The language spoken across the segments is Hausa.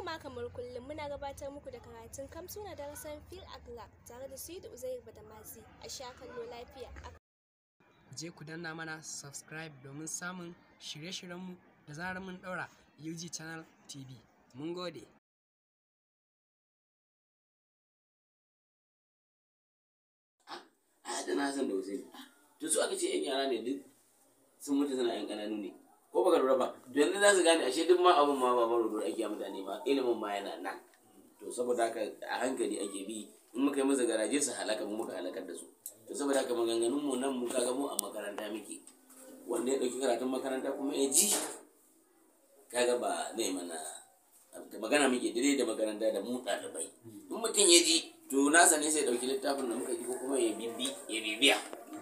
Yau ma kamar kullum muna gabatar muku da karatun kamsu na darasin Phil Aglak tare da su Sidi Uzair Badamazi a sha kallo lafiya. Ku je ku danna mana subscribe domin samun shirye-shiryenmu da zarar mun ɗaura UG Channel TV. Mun gode. Ah, ah, na san da Hussein. Tun su aka ce 'yan yara ne duk sun mutu suna 'yan ƙananu ne. ko baka lura ba to yanzu za su gane ashe duk ma abun ma ba baro dole ake mutane ba ilimin ma yana nan to saboda haka a hankali ake bi in muka yi musu garaje su halaka mu muka halakar da su to saboda haka maganganun mu nan mu kaga mu a makaranta muke wanda ya dauki karatun makaranta kuma ya ji kaga ba ne mana magana muke dire da makaranta da mu ɗalibai in mutum ya ji to nasa ne sai dauki littafin da muka ji ko kuma ya bibi ya bibiya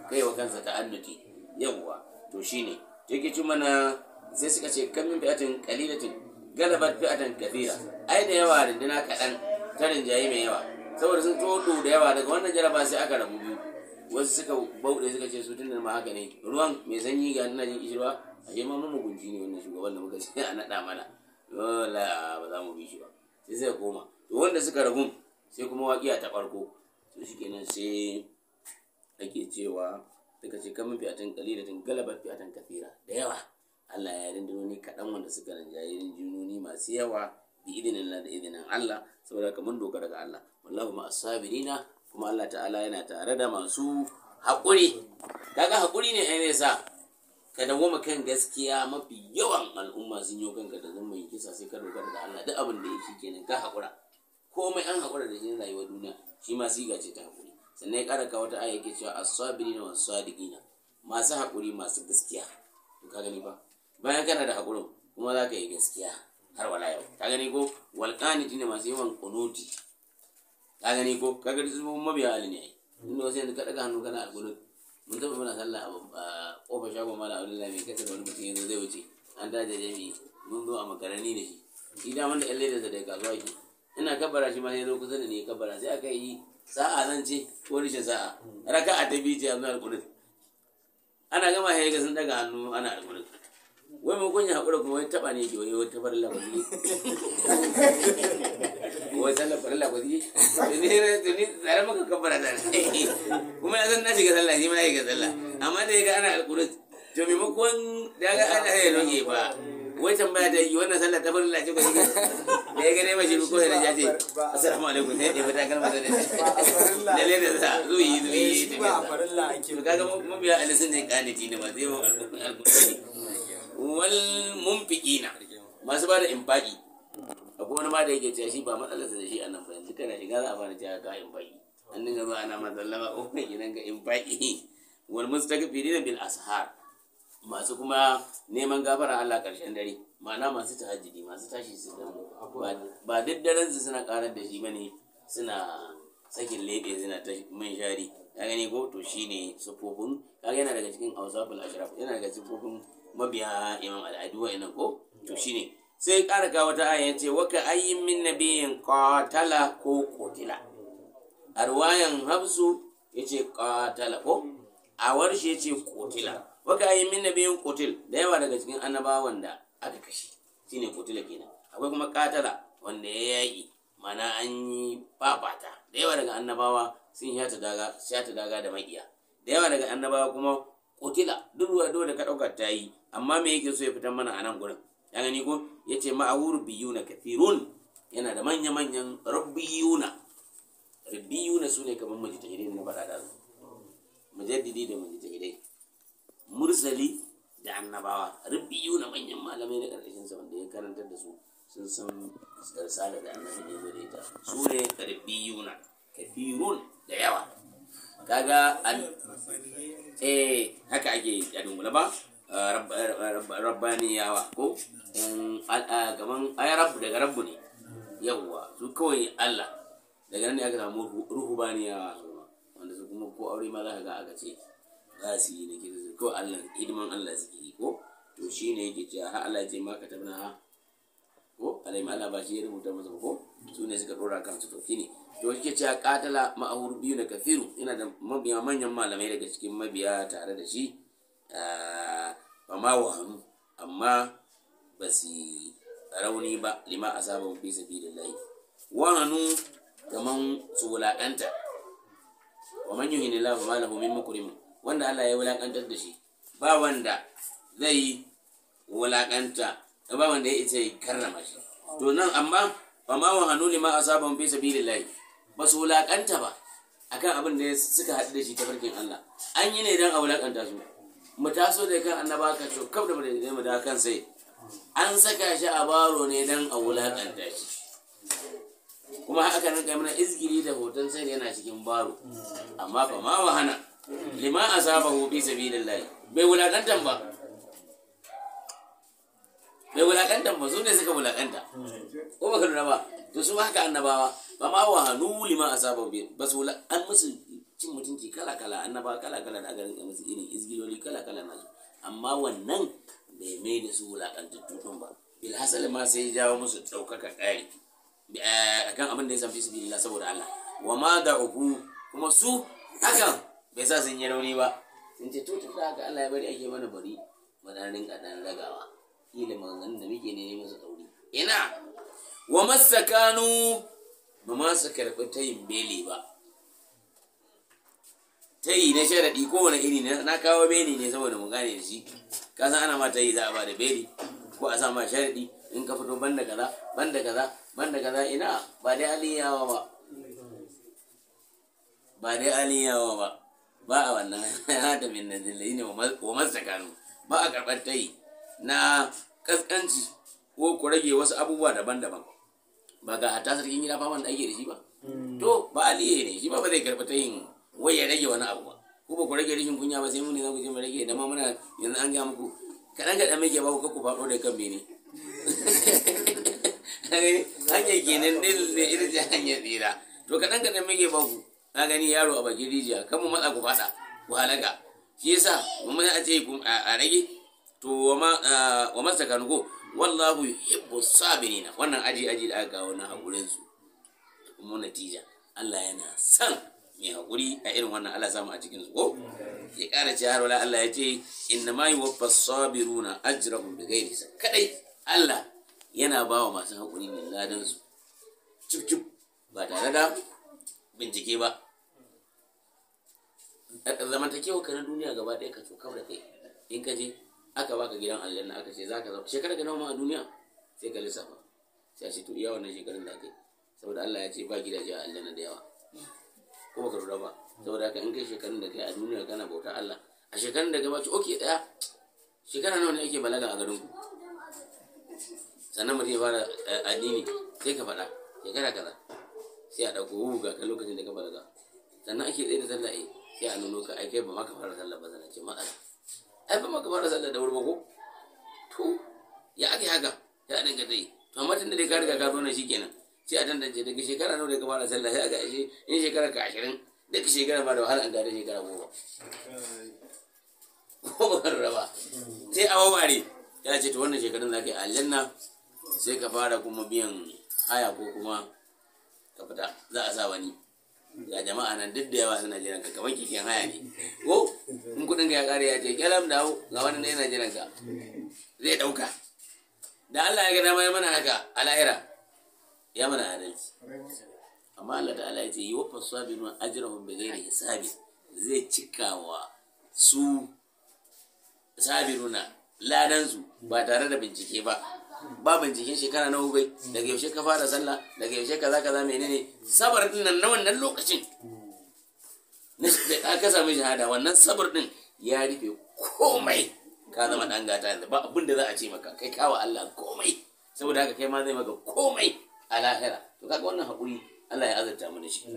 kai wa kansa ta ta'annuti yawwa to shine yake ci mana sai suka ce kan min fi'atin qalilatin galabar fiatin kafira ai da yawa rinduna kaɗan ta rinjaye mai yawa saboda sun todo da yawa daga wannan jaraba sai aka rabu biyu wasu suka bauɗe suka ce su tun ma haka ne ruwan mai sanyi ga nuna jin kishirwa a shi mugunci ne wannan shugaban da muka sai a naɗa mana dole ba za mu bi shi ba sai zai koma to wanda suka rabu sai kuma waƙiya ta farko to shi kenan sai ake cewa suka ce kan mafi atan galabar fi kafira da yawa Allah ya rindinoni kaɗan wanda suka rinjaye rindinoni masu yawa bi idinin da idinin Allah saboda kamar dogara ga Allah wallahu ma asabirina kuma Allah ta'ala yana tare da masu haƙuri daga haƙuri ne ai sa ka dawoma kan gaskiya mafi yawan al'umma sun yi kanka da zama yin kisa sai ka dogara da Allah duk abin da ya ke kenan ka haƙura komai an haƙura da shi rayuwar duniya shi ma siga ce ta haƙuri sannan ya ƙara kawo ta aya a cewa as-sabirina sadiqina masu haƙuri masu gaskiya ka gani ba bayan kana da haƙurin kuma za ka yi gaskiya har wala yau ka gani ko walƙani ne masu yawan kunuti ka gani ko ka gani su mabiya hali ne inda wasu yanzu ka ɗaga hannu kana alƙunut mun taɓa muna sallah a ƙofar shagon mala abdullahi mai kasa da wani mutum yanzu zai wuce an daje jami'i mun zo a makarani da shi shi da wanda ƴan ledarsa da kasuwa ke ina kabbara shi ma ya zo kusa da ni kabbara sai aka yi sa'a zan ce ko rishin sa'a raka'a ta biyu ce a zuwa alƙunut ana gama ya ga sun ɗaga hannu ana alƙunut wai maimakon kunya haƙura kuma wani taɓa ne ke wani wata farin labarai wai sallar farin labarai tuni tuni tsare maka kabbara da kuma ya san na shiga sallah shi ma ya ga sallah amma da ya ga ana alƙurut to maimakon da ga ana haye loke ba wai tambaya da yi wannan sallar ta farin labarai ko da ya gane mashi ko ya ce assalamu alaikum da da eh, kaga ne ne ba zai wal na. masu ba da infaki akwai wani ma da yake cewa shi ba matsalarsa da shi a nan ba yanzu kana shiga za a fara cewa ka infaki an dinga zuwa ana masallama ko oh, kuma gidan ga infaki wal mustaqbirina bil ashar masu kuma neman gafara Allah ƙarshen dare ma'ana masu tahajjudi masu tashi su ba duk daren su suna karar da shi bane suna sakin lebe suna ta man shari ka gani ko to shine sufofin ka yana daga cikin ausaful ashraf yana daga cikin mabiya imam al'adu wa ko to shine sai ƙara ga wata aya ce waka ayyin min nabiyin qatala ko qutila arwayan hafsu yace qatala ko a warshe yace qutila waka ayyin min nabiyin qutil da yawa daga cikin annabawan da aka kashi shine qutila kenan akwai kuma qatala wanda ya yaki mana an yi babata da yawa daga annabawa sun shata daga daga da maƙiya da yawa daga annabawa kuma kotila duk ruwa dole ka ɗaukar ta yi amma me yake so ya fitar mana a nan gurin ya gani ko ya ce ma'awur biyuna kafirun yana da manya-manyan rabbiyuna rabbiyuna su ne kamar majitahidai na faɗa da su mujaddidi da majitahidai mursali da annabawa rabbiyuna manyan malamai na ƙarƙashin sa wanda ya karanta da su sun san tsarsa da annabi ne da ita su ne rabbiyuna kafirun da yawa kaga eh haka ake ya dungula ba eh, rabbaniyawa ko gaban ai rabbu daga rabbu ne yawwa su kawai Allah daga nan ne aka samu ruhubaniyawa wanda su kuma ko aure ma za ka ga aka ce za su yi ne ko Allah hidiman Allah suke yi ko to shine yake cewa ha Allah ya ce ma ka tabna ha ko alaihim Allah ba shi ya rubuta masa ko su ne suka dora su to ne. to yake cewa qatala ma'ahur biyu na kafiru Ina da mabiya manyan malamai daga cikin mabiya tare da shi ah, ma wahanu amma ba su rauni ba lima asaba fi sabilillahi wahanu kaman su wulakanta wa man yuhinu lahu ma lahu min makrim wanda Allah ya wulakantar da shi ba wanda zai wulakanta ba wanda ya ita ya karrama shi to nan amma amma wa hannu ne ma a lima biyu da layi? ba su wulakanta ba akan abin da suka haɗu da shi ta farkin Allah an yi ne don a wulakanta su mu taso da kan annaba ka to kaf da mu da mu da kan sai an saka shi a baro ne don a wulakanta shi kuma haka nan mana izgiri da hoton sai yana cikin baro amma ba ma wahana lima a sabon asabahu fi layi. bai wulakantan ba Wulaƙanta ba su ne suka wulakanta ko ba ka lura ba to su haka annabawa ba ma wa hannu lima a saba ba su wula an musu cin mutunci kala kala annabawa kala kala da aka rinka musu irin izgiloli kala kala na amma wannan bai mai da su wulaƙanta tutun ba bilhassal ma sai ya jawo musu ɗaukaka ƙari eh, kan abin da ya samfi su billah saboda Allah wa ma da uku kuma su hakan bai sa sun yi rauni ba sun ce tutun da haka Allah ya bari ake mana bari madanin ƙadan ragawa kila maganganun da muke ne masa tsauri ina wa masakanu ba ma su karɓi ta yin beli ba ta yi na sharaɗi wani iri na kawo beli ne saboda mu gane da shi ka san ana ma ta yi za a ba da beli ko a sa ma sharaɗi in ka fito banda kaza banda kaza banda kaza ina ba dai aliyawa ba ba dai aliyawa ba ba a wannan hada min nazilla ne wa masakanu ba a karɓar ta yi na kaskanci ko ku rage wasu abubuwa daban-daban ba ga hatta sarkin gida faman da ake da shi ba hmm. to ba aliye ne shi ba ba zai karɓi ta yin wai ya rage wani abu ba ko ba ku rage rikin kunya ba sai mu ne za ku je mu rage da ma muna yanzu an ga muku kaɗan kaɗan muke ba ku kakku faɗo da kan bene hanya kenan ɗin ne ita ce hanya tsira to kaɗan kaɗan muke ba ku na gani yaro a bakin rijiya kan mu matsa ku faɗa ku halaga shi yasa mu muna a ce a rage to wa masa kanugo wallahu yuhibbu sabirina wannan aji aji da aka kawo hakurin su kuma natija Allah yana san mai hakuri a irin wannan Allah samu a cikin su ko ya ƙara ci har wala Allah ya ce inna ma yuwaffa sabiruna ajrahum bi ghairi kadai Allah yana ba wa masu hakuri ne ladan su cip ba tare da bincike ba zamantakewa ka na duniya gaba ɗaya ka tsokar da kai in ka je aka baka gidan aljanna aka ce zaka zauna. shekara ka nawa a duniya sai ka lissafa sai a ce to iya wannan shekarun da kai saboda Allah ya ce ba gidaje a aljanna da yawa kuma ka rura ba saboda haka in kai shekarun da kai a duniya kana bautar Allah a shekarun da ba ce oke daya shekara nawa ne ake balaga a garin ku sannan mutum ya fara eh, addini sai ka faɗa shekara kaza sai a ɗauko hu ga lokacin da ka balaga sannan ake tsaye da sallah eh, sai a nuno ka ai kai ba ma ka fara sallah ba sannan ce matsala ai maka fara sallar da wuri ba ko to ya ake haka ya dinga dai to amma da dai ka riga ka zo na shikenan sai a tantance daga shekara nawa da ka fara sallah sai a ga ashe in shekara ka ashirin daga shekara ba da wahala an gada shekara goma ko ba raba sai a wawari ya ce to wannan shekarun za ka yi aljanna sai ka fara kuma biyan haya ko kuma ka fita za a sa wani ga jama'a nan duk da yawa suna jiran ka kamar kifin haya ne ko in kudin ka ya kare ya ce kyalam ga wani ne yana jiran ka zai dauka da Allah ya gada mai mana haka a lahira ya mana adalci amma Allah ta'ala ya ce yi wafa sabirun ajrahum bi ghairi hisabi zai cikawa su sabiruna ladan su ba tare da bincike ba ba binciken shekara na hukai daga yaushe ka fara sallah daga yaushe kaza mene menene sabar din nan na wannan lokacin da ka samu shahada wannan sabar din ya rufe komai ka zama dan gata yanzu ba abin da za a ce maka kai kawa Allah komai saboda haka kai ma zai maka komai a lahira to kaga wannan hakuri Allah ya azarta mu da shi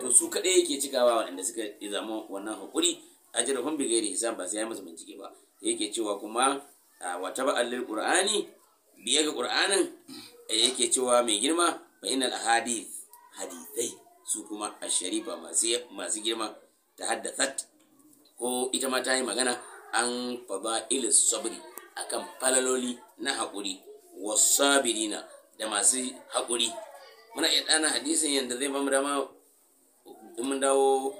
to su kaɗai yake cikawa waɗanda suka zama wannan hakuri a bi gairi hisab ba sai ya musu bincike ba yake cewa kuma wa taba'al lil qur'ani biye ga qur'anin eh, yake cewa mai girma fa innal ahadith hadithai su kuma asharifa masu masu girma ta haddathat ko ita ma ta yi magana an fada'il sabri akan falaloli na haƙuri wasabirina da masu haƙuri muna iya ɗana hadisin yadda zai bamu dama in mun dawo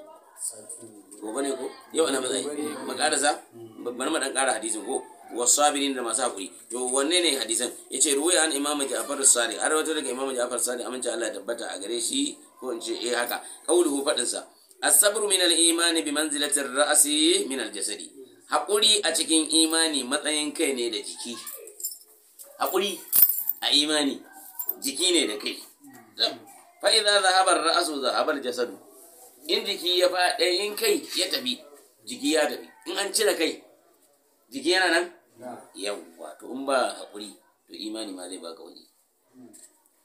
gobe ne ko yau ana matsayi mu ƙarasa bari mu ɗan hadisin ko wasabirin da masu hakuri to wanne ne hadisan ce, ruwaya an imamu ja'far sari har wata daga imamu ja'far sari amince Allah tabbata a gare shi ko in ce eh haka qauluhu fadin sa as-sabru min imani bi manzilati ar-ra'si min al-jasadi hakuri a cikin imani matsayin kai ne da jiki hakuri a imani jiki ne da kai fa idza dhahaba ar-ra'su dhahaba al-jasadu in jiki ya faɗa in kai ya tafi jiki ya tafi in an cire kai jiki yana nan yawwa to in ba haƙuri to imani ma zai baka wani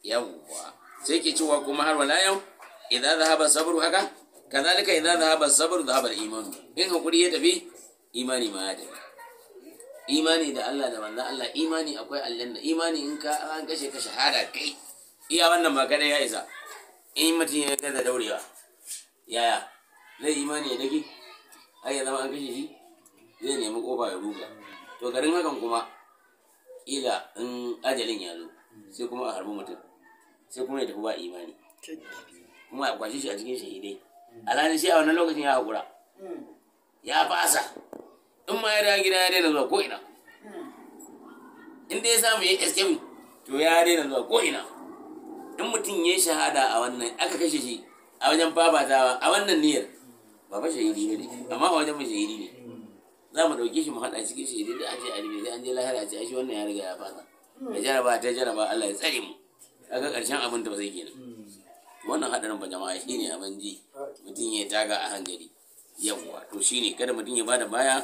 yawwa sai ke cewa kuma har wala yau idan haɓar sabar haka kazalika idan sabar za haɓar imanu in haƙuri ya tafi imani ma ya tafi imani da Allah da wanda Allah imani akwai aljanna imani in ka an kashe ka shahada kai iya wannan ma kada ya isa in mutum ya gaza daurewa yaya zai imani ya daki? ai ya zama an kashe shi zai nemi kofa ya ruga to garin hakan kuma ila in ajalin ya zo sai kuma a harbi mutum sai kuma ya tafi ba imani kuma a kwashe shi a cikin shahidai alhali shi a wannan lokacin ya haƙura ya fasa in ma ya gida ya daina zuwa ko'ina in dai ya samu ya escape to ya daina zuwa ko'ina in mutum ya shahada a wannan aka kashe shi a wajen babatawa a wannan niyyar ba ba shahidi ne amma a wajen ba shahidi ne za mu ɗauke shi mu haɗa cikin shi idan a a rufe sai an je lahira a ce shi wannan ya riga ya fasa hmm. A jaraba ta jaraba Allah ya tsare mu kaga ƙarshen abin da ba zai kenan hmm. wannan haɗarin ba jama'a shine abin ji mutum ya taga a hankali yawwa to shine kada mutum ya bada baya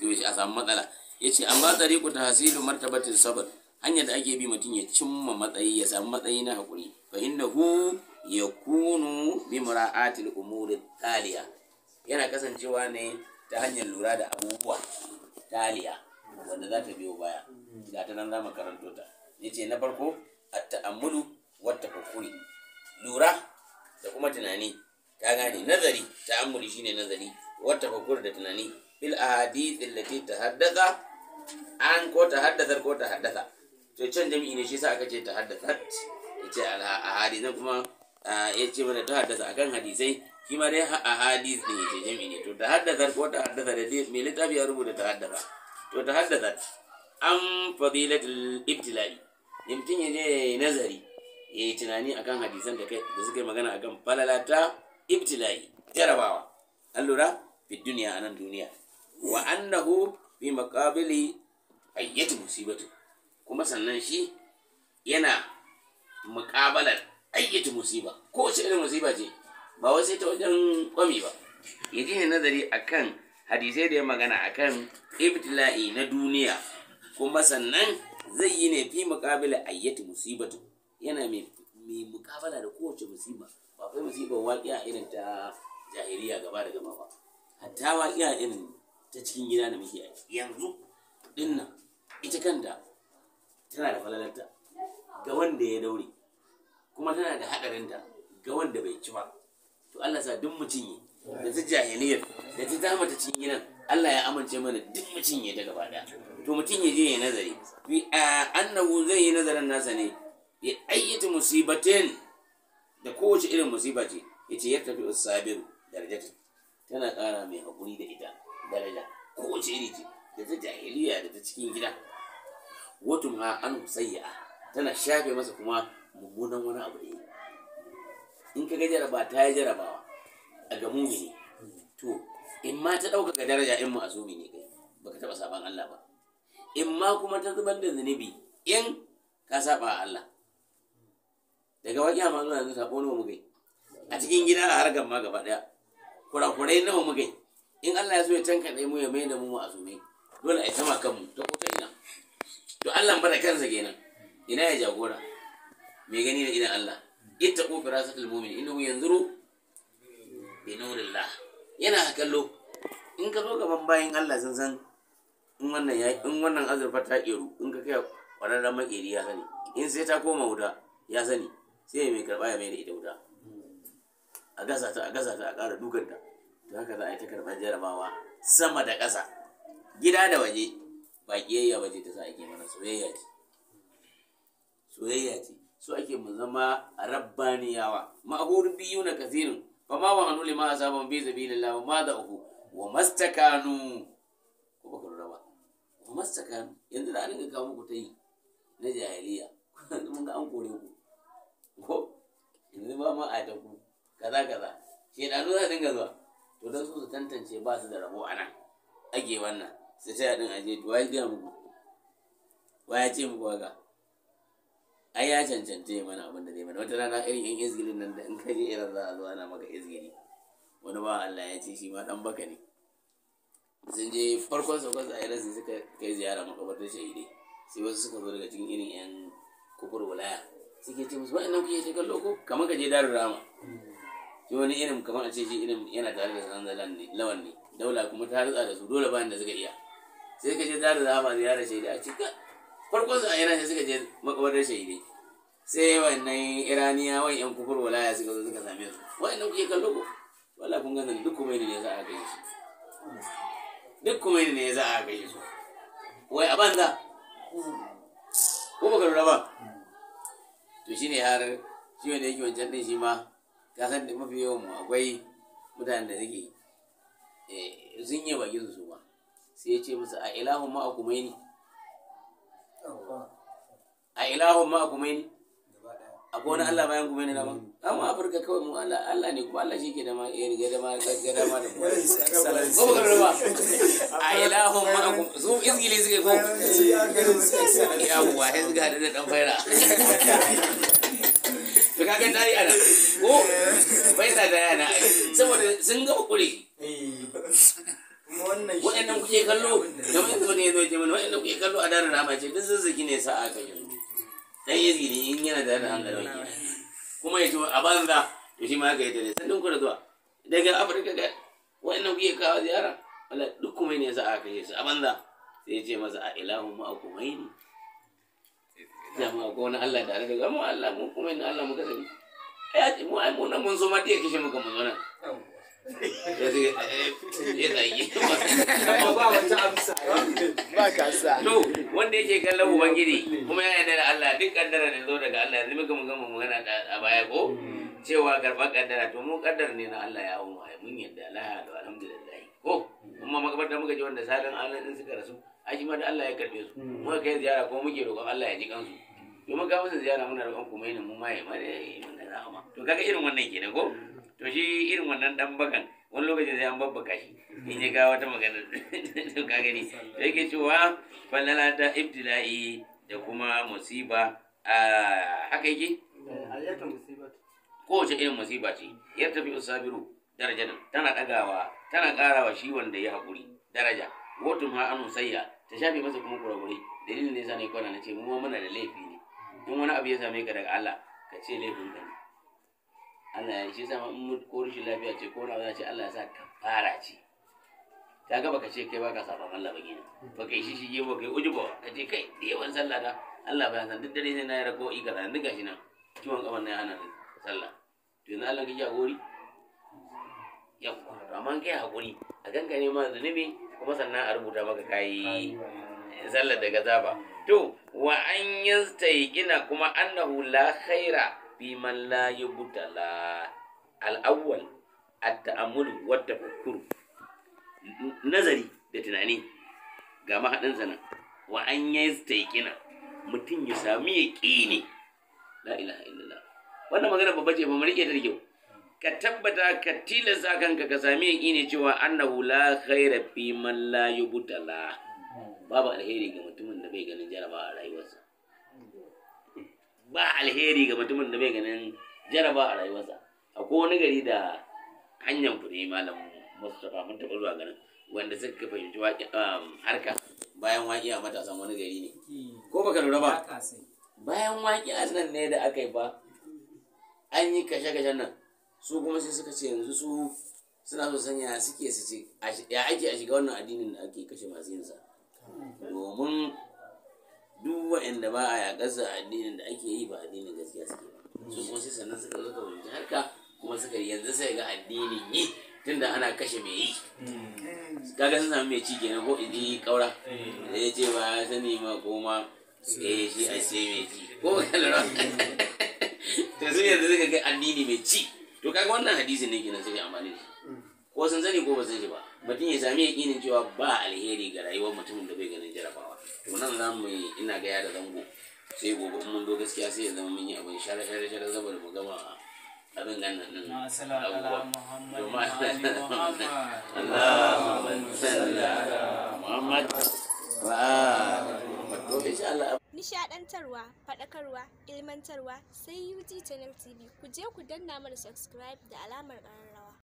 to a samu matsala yace amma ta hasilu martabatin sabr hanyar da ake bi mutum ya cimma matsayi ya samu matsayi na hakuri fa ya yakunu bi mura'atil umuri taliya yana kasancewa ne ta hanyar lura da abubuwa taliya wanda za ta biyo baya ga ta nan za mu karanto ta yace na farko at-ta'ammulu wata tafakkuri lura da kuma tunani ka gane nazari ta'ammuli shine nazari Wata tafakkur da tunani bil ahadith allati tahaddatha an ko tahaddatha ko tahaddatha to can jami'i ne shi sa aka ce tahaddathat yace al ahadith kuma ah, yace mana tahaddatha akan hadisai shi ma dai a hadis ne ke jami ne to ta haddasa ko ta haddasa da mai littafi ya rubuta ta haddasa to ta haddasa an fadilatul ibtila'i ne mutum ya je nazari ya yi tunani akan hadisan da suka yi magana akan falalata ibtila'i jarabawa an lura fi duniya anan duniya wa annahu fi maqabili ayyati musibatu kuma sannan shi yana muqabalar ayyati musiba ko shi irin musiba ce ba wai sai ta wajen kwami ba ya je nazari akan hadisai da ya magana akan ibtila'i na duniya kuma sannan zai yi ne fi muqabila ayyati musibatu yana mai mai da kowace musiba ba kai musibar a irin ta jahiliya gaba da gaba ba hatta a irin ta cikin gida da muke yanzu dinnan ita kanta tana da falalarta ga wanda ya daure kuma tana da haɗarinta ga wanda bai ci ba Allah sa duk mutum yi da ta jahiliyar da ta zama ta cinye nan Allah ya amince mana duk mutum yi ta gaba daya to mutum ya je ya nazari annahu zai yi nazarin nasa ne ya ayyata musibatin da kowace irin musiba ce ya ce ya tafi usabiru darajatin tana kara mai haƙuri da ita daraja kowace iri ce da ta jahiliya da ta cikin gida wata ma an sayya tana shafe masa kuma mummunan wani abu da yi in ka ga ba ta yi jarabawa a ga mumini to in ma ta ɗaukaka daraja in ma'azumi ne kai baka taɓa saban Allah ba in ma kuma ta zubar da zunubi in ka saba Allah daga wajen ma zuwa yanzu sabo nawa mugai a cikin gida a harkar ma gaba ɗaya kurakurai nawa mugai in Allah ya so ya tanka ɗaya mu ya mai da mu ma'azumi dole a yi sama kanmu ta kota ina to Allah bada kansa kenan ina ya jagora mai gani da idan Allah ittaqu firasatul mu'min innahu yanzuru bi nurillah yana kallo in ka zo gaban bayan Allah sun in wannan ya in wannan azurfa ta iru in ka kai kwararren makeri ya sani in sai ta koma wuta ya sani sai mai karba ya mai da ita wuta a gasa ta a gasa ta a ƙara dukanta to haka za a yi ta karɓar jarabawa sama da ƙasa gida da waje ba kiyayya waje ta sa ake mana soyayya ce soyayya ce su ake mu zama rabbaniyawa ma'hur biyu na kathirin fa ma wa hanu lima asaban bi sabilillah ma da uku. wa mastakanu ko ba kun raba wa mastakanu yanzu da an ga kawo muku yi na jahiliya mun ga an kore ku ko yanzu ba ma a da ku kaza kaza da za dinga zuwa to don su su tantance ba su da rabo a nan age wannan sai ta din aje to ya gaya muku wa ya ce muku haka ai ya cancanta ya mana abin da zai mana wata rana irin yan izgirin nan da in ka je irin za a zo ana maka izgiri wani ba Allah ya ce shi ma dan baka ne sun je farkon saukar a irin sun suka kai ziyara makabartar shahidai sai wasu suka zo daga cikin irin yan kukur wulaya suke ce musu wa'annan kuke ce kallo ko kamar ka je darin rama shi wani irin kamar a ce shi irin yana tare da sanzalan ne lawan ne daula kuma ta rutsa da su dole bayan da suka iya sai ka je darin rama ziyara shahidai a cikin farko su a iran sai suka je makabarar shahidai sai wannan iraniya wani yan kufur walaya suka zo suka same su wa'annan kuke kallo ko wala kun ganin duk kuma ne za a gaishe su duk kuma ne za a gaishe su wai a banza ko baka lura ba to shine har shi wanda yake wancan din shi ma ka san da mafi yawan mu akwai mutanen da suke eh, sun yi bakin su ba sai ya ce musu a ilahun ma'akumai ne ilahun ma gume ne a wani Allah bayan gume ne na mm. ma amma Afirka kawai mu Allah Allah ne kuma Allah shi ke da ma ya eh, riga da ma ga da ma da kuma ko ba ba a ilahun ma gume su izgili suke ko ya kuwa ya zuga da dan faira to ta dai ana ko bai sa da yana saboda sun ga kure eh. waɗannan kuke kallo da mai zo ne zo jimin waɗannan kuke kallo a darin rama ce duk zazzaki ne sa'a kan yi dan izgili in yana da hankali kuma ya ce a banza to shi ma ka yi tare sannan kuna zuwa daga afirka ga wa'annan kuke kawo ziyara wala duk kuma ne za aka yi su a banza sai ya ce masa a ilahu ma kuma ne jama'a ko wani Allah da daga mu Allah mu kuma ne Allah mu ka sani ai ce mu ai mun zo ma ta mu kan mun zo ya zai eh, ya zai ba sa to wanda yake kallon ubangiji kuma ya yarda da Allah duk kaddara ne zo daga Allah yanzu muka mun gama magana a baya ko mm. cewa karɓar kaddara to mu kaddara ne na Allah ya hawo mun yarda Allah da alhamdulillah ko mm. kuma makabarta muka ji wanda salin Allah din suka rasu a shi ma da Allah ya karbe su mm. muka kai ziyara kuma muke roƙon Allah ya ji kansu to muka musu ziyara muna roƙon kuma ne mu ma ya da rahama to kaga irin wannan kenan ko to shi irin wannan dan bakan wani lokaci sai an babbaka shi in ya ga wata magana to ka gani da yake cewa fallala ta ibtila'i da kuma musiba a haka yake eh, kowace irin musiba ce ya tafi usabiru daraja tana dagawa tana karawa shi wanda ya haƙuri daraja wotun ma an sayya ta shafe masa kuma kurakure dalilin da sa ne kwana na ce mu muna da laifi ne in wani abu ya same ka daga Allah ka ce laifin ka ne Allah ya ce sama in mutu ko rishin lafiya ce ko nawa ce Allah ya sa kafara ce ta ga baka ce kai baka saban Allah ba gina baka yi shi shige baka yi ujuba ka ce kai da yawan sallah da Allah ba ya san duk dare sai na yi ko i kaza duk gashi nan kiwon kaman na yana sallah to yanzu Allah ka ji hakuri yawwa to amma kai hakuri a ganka ne ma zunubi kuma sannan a rubuta maka kayi sallar da zaba ba to wa an yastayqina kuma annahu la khaira fi man la yubtala al-awwal at-ta'ammul wa tafakkur nazari da tunani ga mahadin sana wa an yastaqina mutum ya sami yaqini la ilaha illallah wannan magana babba ce ba mu rike ta da kyau ka tabbata ka tilasta kanka ka sami ya yaƙini cewa annahu la khaira fi man la yubtala babu alheri ga mutumin da bai ganin jaraba a rayuwarsa ba alheri ga mutumin da bai ganin jaraba a rayuwarsa a wani gari da hanyar ku ne malam mustapha mun taɓa zuwa ganin wanda suka fahimci um, harka bayan waƙi a matasan wani gari ne ko baka lura ba bayan waƙi a nan ne da aka yi ba an yi kashe-kashen nan su kuma sai suka ce yanzu su suna so sanya suke su ce ya ake a shiga wannan addinin da ake kashe masu yinsa domin duk waɗanda ba a yaƙarsa addinin da ake yi ba addinin gaskiya suke ba su kuma sai sannan suka zo ka fahimci haka kuma suka yanzu sai ga addinin yi tunda ana kashe mai yi eh. kaga sun samu mai ci kenan ko inji kaura da eh. ya ce ba ya sani ma ko ma eh shi a ce mai ci ko ba kalra to sun yanzu suka kai addini mai ci to kaga wannan hadisi ne kenan suke amfani da mm. ko sun sani ko ba sun shi ba mutum ya sami yakinin cewa ba alheri ga rayuwar mutumin da bai ganin jarabawa to nan za mu yi ina gaya da zango sai gobe mun zo gaskiya sai ya zama mun yi abin share share share saboda mu gama abin nan nan nan abubuwa Allahumma salli ala Muhammad wa ala Nishadantarwa, faɗakarwa, ilmantarwa sai UT Channel TV ku je ku danna mana subscribe da alamar ƙararrawa.